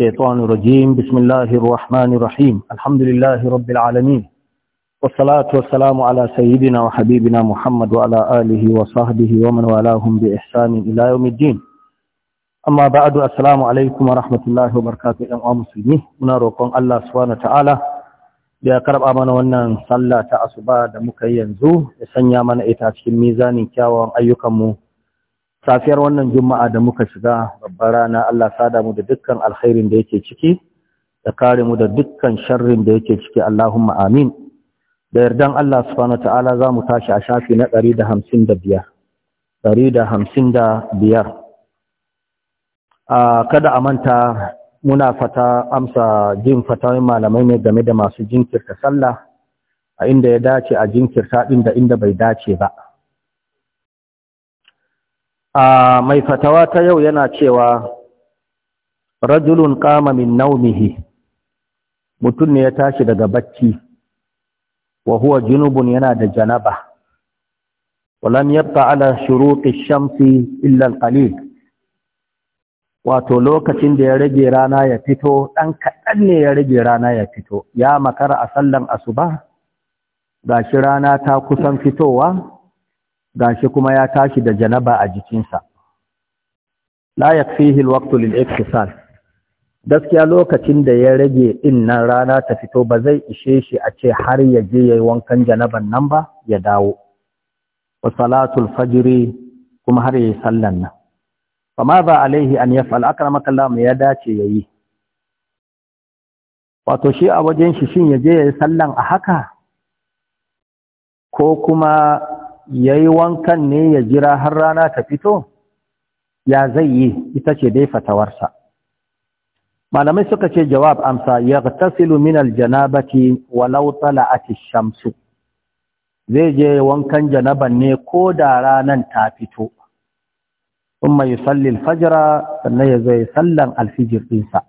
الشيطان الرجيم بسم الله الرحمن الرحيم الحمد لله رب العالمين والصلاة والسلام على سيدنا وحبيبنا محمد وعلى آله وصحبه ومن والاهم بإحسان إلى يوم الدين أما بعد السلام عليكم ورحمة الله وبركاته أيها المسلمين ونروكم الله سبحانه وتعالى يا كرب mana wannan صلى ta دمك da muka yi yanzu ya sanya mana safiyar wannan juma'a da muka shiga babbar rana Allah sada mu da dukkan alkhairin da yake ciki da kare mu da dukkan sharrin da yake ciki Allahumma amin da yardan Allah subhanahu ta'ala za mu tashi a shafi na 155 155 a kada a manta muna fata amsa jin fatawai malamai ne game da masu jinkirta sallah a inda ya dace a jinkirta ɗin da inda bai dace ba a mai fatawa ta yau yana cewa rajulun ƙama min naumihi mutum ne ya tashi daga bacci wa huwa junubun yana da janaba walam yabqa ala shuruqi shamsi illa alqalil wato lokacin da ya rage rana ya fito ɗan kaɗan ne ya rage rana ya fito ya makara a sallan asuba gashi rana ta kusan fitowa gashi kuma ya tashi da janaba a jikinsa la yakfihi alwaqtu lil-iktisal gaskiya lokacin da ya rage innan rana ta fito ba zai ishe shi a ce har ya je wankan janaban nan ba ya dawo wa salatul kuma har yayi sallan nan fama ba alaihi an yaf'al akramaka Allah ya dace yayi wato shi a wajen shi shin ya je yayi sallan a haka ko kuma ya yi wankan ne ya jira har rana ta fito ya zai yi ita ce dai fatawarsa malamai suka ce jawab amsa ya tasilu min aljanabati walau tala'ati shamsu zai je wankan janaban ne ko da ranan ta fito ثم يصلي الفجر sannan zai sallan alfijir dinsa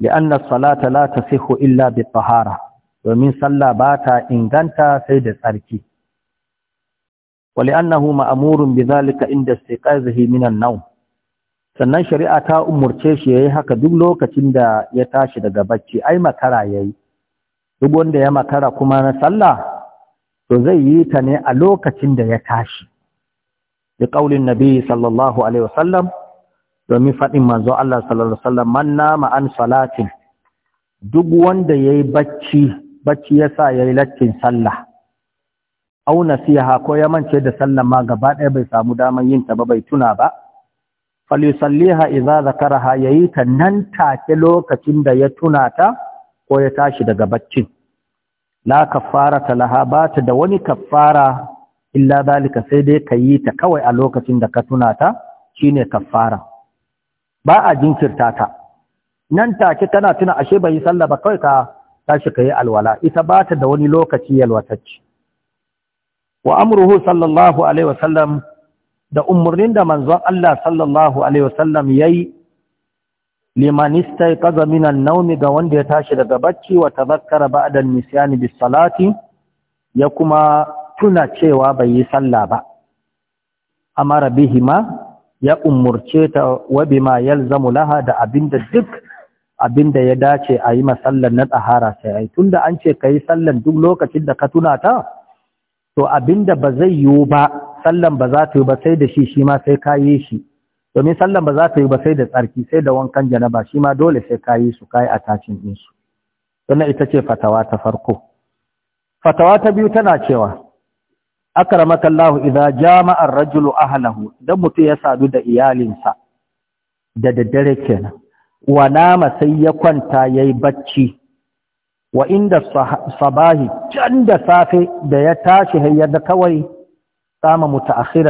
لأن الصلاة لا تصح إلا بالطهارة ومن صلى باتا sai سيد الأركي ولأنه مأمور بذلك عند استيقاظه من النوم sannan shari'a ta umurce shi yayi haka duk lokacin da ya tashi daga bacci ai makara yayi duk wanda ya makara kuma na sallah to zai yi ta ne a lokacin da ya tashi bi qaulin nabi sallallahu alaihi wasallam domin faɗin manzo Allah sallallahu alaihi wasallam man nama an salatin duk wanda yayi bacci bacci yasa yayi lattin sallah au nasiha ko ya mance da sallan ma gaba ɗaya bai samu damar yin ta ba bai tuna ba yusalliha idza zakaraha yayi ta nan take lokacin da ya tuna ta ko ya tashi daga baccin la kaffarata laha ba ta da wani kaffara illa zalika sai dai kayi ta kawai a lokacin da ka tuna ta shine kaffara ba a jinkirta ta nan take kana tuna ashe bai sallah ba kawai ka tashi kayi alwala ita ba ta da wani lokaci yalwatacce wa amruhu sallallahu alaihi wasallam da umarnin da manzon Allah sallallahu alaihi wasallam yayi liman istayqaza min an-nawm ga wanda ya tashi daga bacci wa tadhakkara ba'da an-nisyan bis-salati ya kuma tuna cewa bai yi sallah ba amara ma ya umurce ta wa bima yalzamu laha da abinda duk abinda ya dace a yi masallan na tsahara sai ai tunda an ce kai sallan duk lokacin da ka tuna ta to abin da ba zai yiwu ba sallan ba za ta yi ba sai da shi shi ma sai ka yi shi domin sallan ba za ta yi ba sai da tsarki sai da wankan janaba shi ma dole sai ka yi su ka yi a tashin ɗinsu wannan ita ce fatawa ta farko fatawa ta biyu tana cewa akramaka Allah idza jama ar-rajulu ahlahu dan mutum ya sadu da iyalinsa da daddare kenan wa nama sai ya kwanta yayi bacci wa inda sabahi can da safe da ya tashi hayyar kawai sama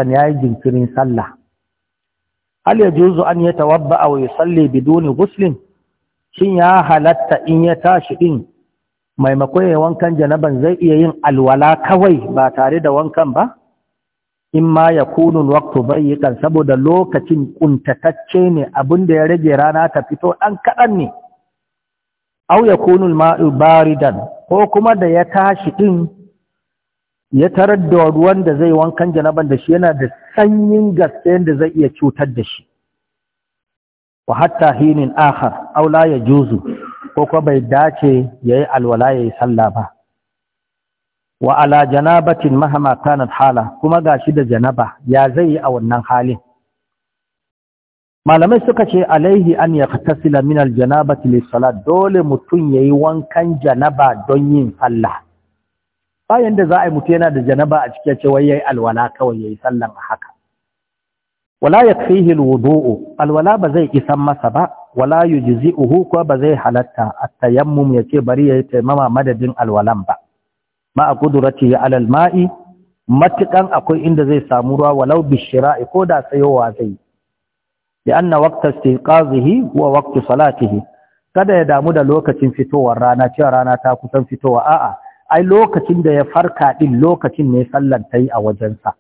ya yi jinkirin sallah hal ya juzu an yatawabba aw salli biduni guslin shin ya halatta in ya tashi din maimakon ya wankan janaban zai iya yin alwala kawai ba tare da wankan ba in ma ya kunun waktu kan saboda lokacin kuntatacce ne abinda ya rage rana ta fito ɗan kaɗan ne au ya kunul ma'u baridan ko kuma da ya tashi din ya tarar da ruwan da zai wankan janaban da shi yana da sanyin gaske da zai iya cutar da shi wa hatta hinin akhar au la juzu ko kuma bai dace yayi alwala yayi sallah ba wa ala janabatin mahama kanat hala kuma ga shi da janaba ya zai yi a wannan halin malamai suka ce alaihi an ya tasila min aljanabati lissalat dole mutum ya yi wankan janaba don yin sallah bayan da za a yi mutu yana da janaba a cikin cewa yi alwala kawai yayi sallan a haka wala ya fihi alwudu'u alwala ba zai isan masa ba wala yujzi'uhu ko ba zai halatta at-tayammum ya ce bari ya yi taimama madadin alwalan ba ma a kudurati ala ma'i matukan akwai inda zai samu ruwa walau bishira'i ko da sayowa zai yi bi anna waqta kuwa huwa waqtu kada ya damu da lokacin fitowar rana cewa rana ta kusan fitowa a'a ai lokacin da ya farka din lokacin ne sallar tayi a wajensa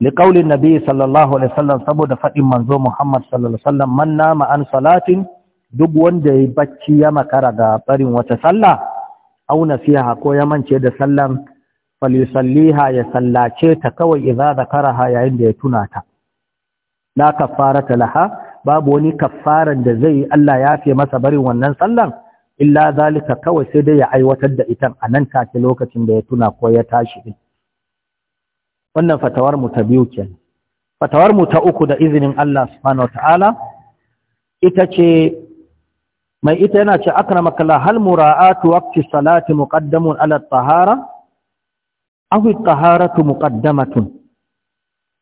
liqaulin nabi sallallahu alaihi wasallam saboda fadin manzo Muhammad sallallahu alaihi wasallam man nama an salatin duk wanda ya bacci ya makara ga barin wata sallah au nasiha ko ya mance da sallan falyusalliha ya sallace ta kawai idza zakaraha yayin da ya tuna ta la kaffarata laha babu wani kaffaran da zai Allah ya fi masa barin wannan sallan illa zalika kawai sai dai ya aiwatar da ita a nan take lokacin da ya tuna ko ya tashi din wannan fatawar mu ta biyu kenan fatawar mu ta uku da izinin Allah subhanahu wataala ita ce mai ita yana ce akramaka la hal mura'atu waqti salati muqaddamun ala at-tahara aw at-taharatu muqaddamatun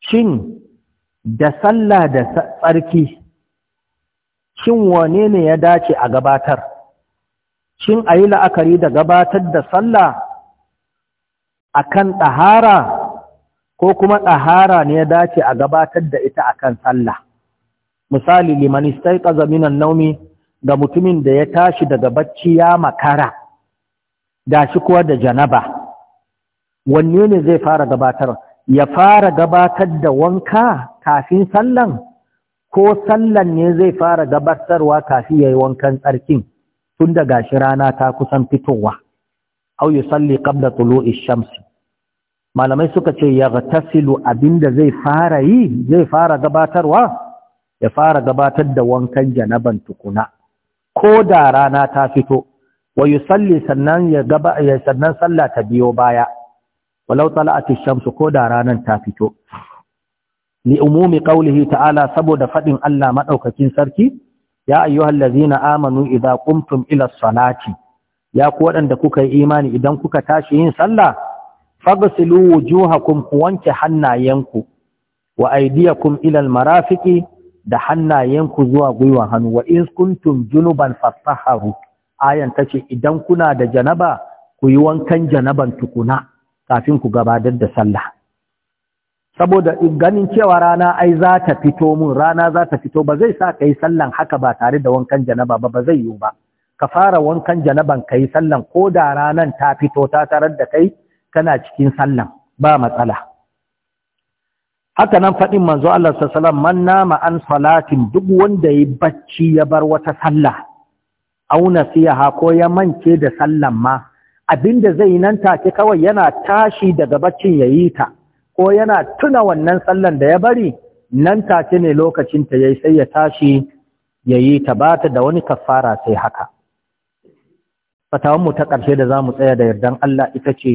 shin da sallah da tsarki shin wane ne ya dace a gabatar shin a yi la'akari da gabatar da sallah akan ɗahara ko kuma ɗahara ne ya dace a gabatar da ita akan sallah misali limanistai ƙazaminan naumi ga mutumin da ya tashi daga bacci ya makara Da shi kuwa da janaba wanne ne zai fara gabatar ya fara gabatar da wanka kafin sallan ko sallan ne zai fara gabatarwa kafin yayi wankan tsarkin tun daga gashi rana ta kusan fitowa au yusalli qabla tulu'i shamsi malamai suka ce ya gatasilu abinda zai fara yi zai fara gabatarwa ya fara gabatar da wankan janaban tukuna ko da rana ta fito wa yusalli sannan ya gaba ya sannan sallah ta biyo baya walau tala'atu shamsu ko da ranar ta fito li umumi qawlihi ta'ala saboda fadin Allah madaukakin sarki ya ayyuhal amanu idza qumtum ila salati ya ku wadanda kuka yi imani idan kuka tashi yin sallah faghsilu wujuhakum ku wanke hannayenku wa aydiyakum ila almarafiqi da hannayenku zuwa gwiwan hannu wa in kuntum junuban fatahharu ayan tace idan kuna da janaba ku yi wankan janaban tukuna kafin ku gabatar da sallah saboda ganin cewa rana ai za ta fito mun rana za ta fito ba zai sa ka yi sallan haka ba tare da wankan janaba ba ba zai yiwu ba ka fara wankan janaban ka yi sallan ko da ranan ta fito ta tarar da kai kana cikin sallan ba matsala haka nan faɗin manzo Allah sallallahu man nama an salatin duk wanda ya bacci ya bar wata sallah auna siyaha ko ya mance da sallan ma Abin da zai nan take kawai yana tashi daga baccin ya yi ta ko yana tuna wannan sallan da ya bari nan take ne lokacin ta yayi sai ya tashi ya yi ta ba ta da wani kafara sai haka fatawanmu ta ƙarshe da za mu tsaya da yardan Allah ita ce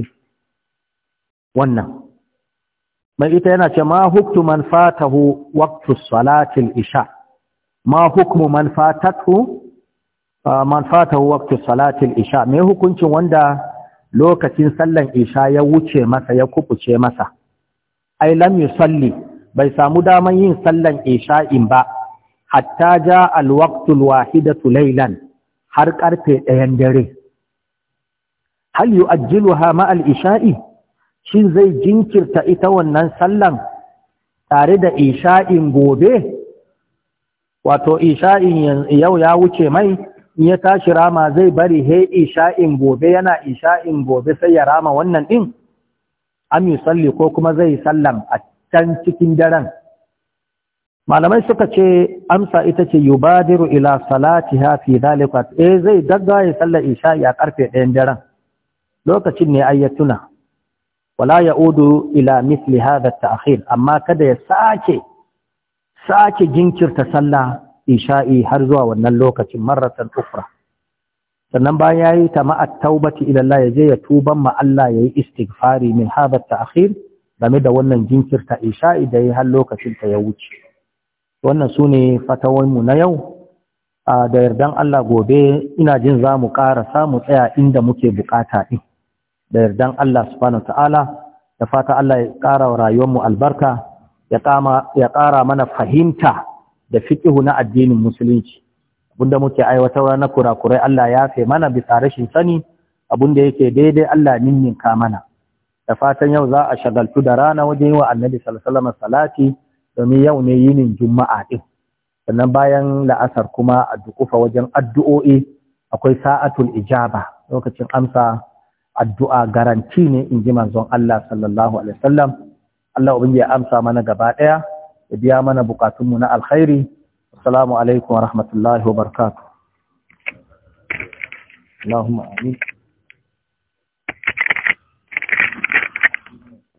wannan mai ita yana ce ma huktu man fatahu waktu salatil isha ma hukmu man man fatahu waqtu al isha me hukuncin wanda lokacin sallan isha ya wuce masa ya kubuce masa ai lam yusalli bai samu daman yin sallan isha'in ba hatta ja al wahidatu laylan har karfe ɗayan dare hal yu'ajjiluha ma al-isha'i shin zai jinkirta ita wannan sallan tare da isha'in gobe wato isha'in yau ya wuce mai in ya tashi rama zai bari he isha'in gobe yana isha'in gobe sai ya rama wannan din am yusalli ko kuma zai sallam a can cikin daren malamai suka ce amsa ita ce yubadiru ila Salati fi dhalika eh zai ya sallar isha'i a karfe ɗayan daren lokacin ne ayyatuna wala ya ya'udu ila misli hadha a takhir amma kada ya sake sake jinkirta sallah isha'i har zuwa wannan lokacin marratan ukra sannan bayan yayi ta ma'at taubati ila Allah yaje ya tuban ma Allah yayi istighfari min hadha ta'khir game da wannan jinkirta isha'i da yayi har lokacin ta ya wuce wannan sune fatawar mu na yau da yardan Allah gobe ina jin za mu ƙara samu tsaya inda muke bukata din da yardan Allah subhanahu ta'ala da fata Allah ya ƙara wa rayuwar mu albarka ya ƙara mana fahimta da fiqihu na addinin musulunci abinda muke aiwatarwa na kurakurai Allah ya fe mana bisa rashin sani abinda yake daidai Allah ninninka mana da fatan yau za a shagaltu da rana wajen yi wa annabi sallallahu salati domin yau ne yinin juma'a din sannan bayan la'asar kuma a dukufa wajen addu'o'i akwai sa'atul ijaba lokacin amsa addu'a garanti ne in ji manzon Allah sallallahu alaihi wasallam Allah ubangiji ya amsa mana gaba ɗaya ya biya mana bukatunmu na alkhairi assalamu alaikum wa rahmatullahi wa barakatuh اللهم